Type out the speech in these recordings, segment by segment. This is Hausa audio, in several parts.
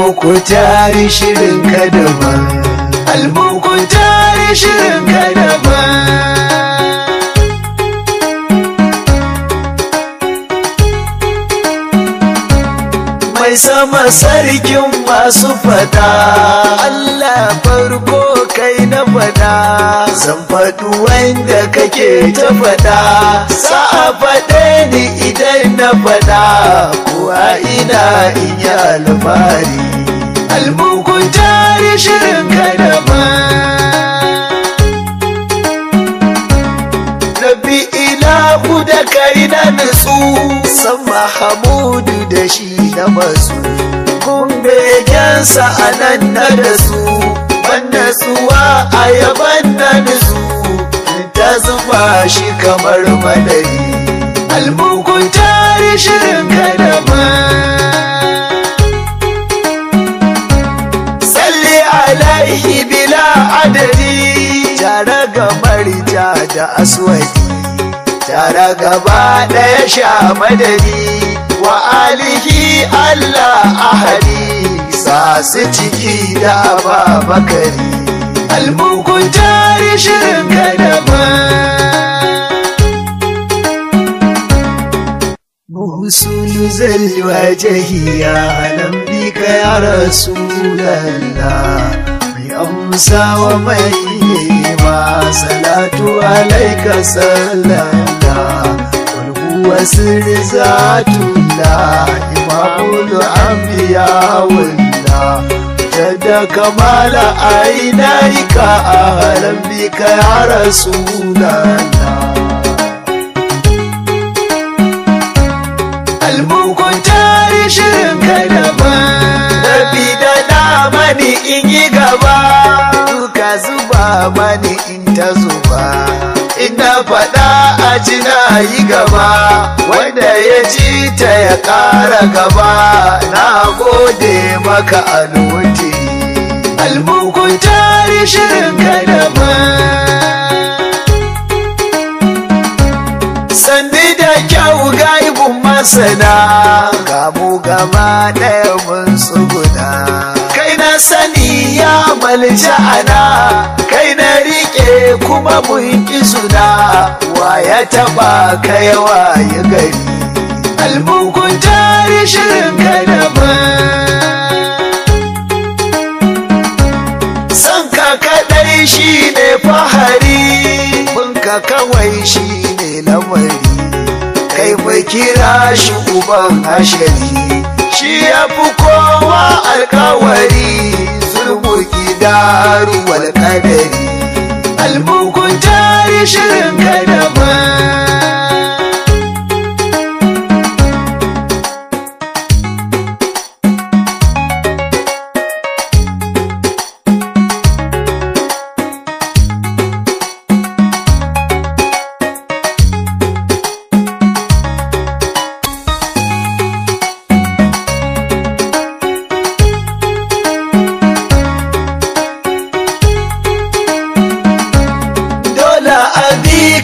almukutar shirin kadaba Almuku shirin ka mai sama sarkin masu fada Allah farko kai na fata. zan faɗi wanda kake ta fada sa'a faɗe ni idan na fada kuwa ina in yi alfahari shirin kada ba rabbi ilahu da kai na nutsu san mahamudu da shi na masu kun begensa a nan na da su banda suwa a yaban na nutsu ta zuba shi kamar madari almukun tare shirin kada adadi tare gabar ja da aswaki tare gaba ɗaya sha madadi wa alihi Allah ahadi sa su ciki da babakari almugun jari shirin zai musul zalwa jahiya alam bika ya rasulallah amsa wa mai ma salatu alaika sallata sirri wasiri la imamul anbiya wallah jadda kamala ainaika ahlan bika ya rasulana zamani in ta zuba ina faɗa a ji na yi gaba wanda ya ji ta ya ƙara gaba na gode maka alhuti almukun tari shirin kadama sandi da kyau gaibun masana kamu gama ɗaya mun guda kai na sani ya ana. kai na rike kuma mun ki suna wa ya taba kai ya gari almukun tari shirin kadaba san ka kadai shi ne fahari bunka kawai shi ne lamari kai bai kira shi uban hashari shi ya fi kowa alkawari da daru wal qadari almulku tari shirin kadaban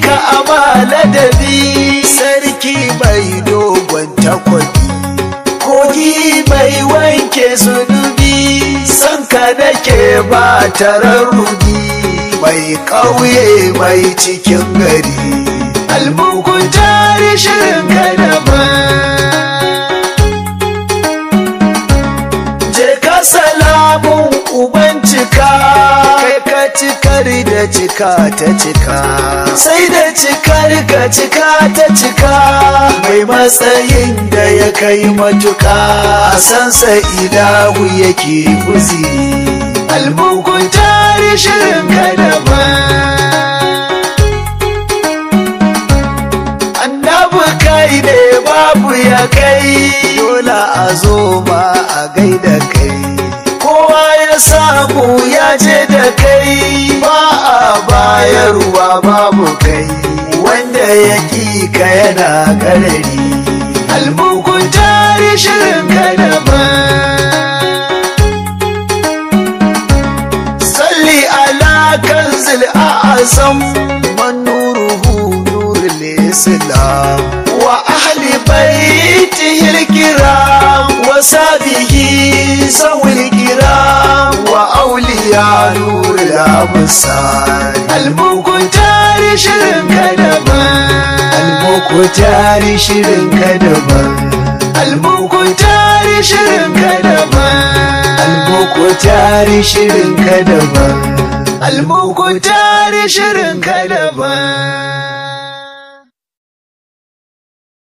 ka ama ladabi sarki mai dogon takwadi kogi mai wanke zunubi san ka nake ba tararrugi mai ƙauye mai cikin gari albukun tarishin shirin cika ta cika sai da cikar ka cika ta cika mai matsayin da ya kai matuka a sai idahu yake kuzi albukun tare shirin kadaba annabu kai ne babu ya kai dole a zo ba a gaida kai ku ya ce da kai ba a bayarwa babu kai wanda ya ƙi ka yana ƙarari Albukun tare shirin ka ba. salli ala kanzil a asam man nuruhu nurul islam babu sari albuku tari shirin kadaba daban albuku tari shirin ka daban tari shirin kadaba daban albuku tari shirin ka shirin ka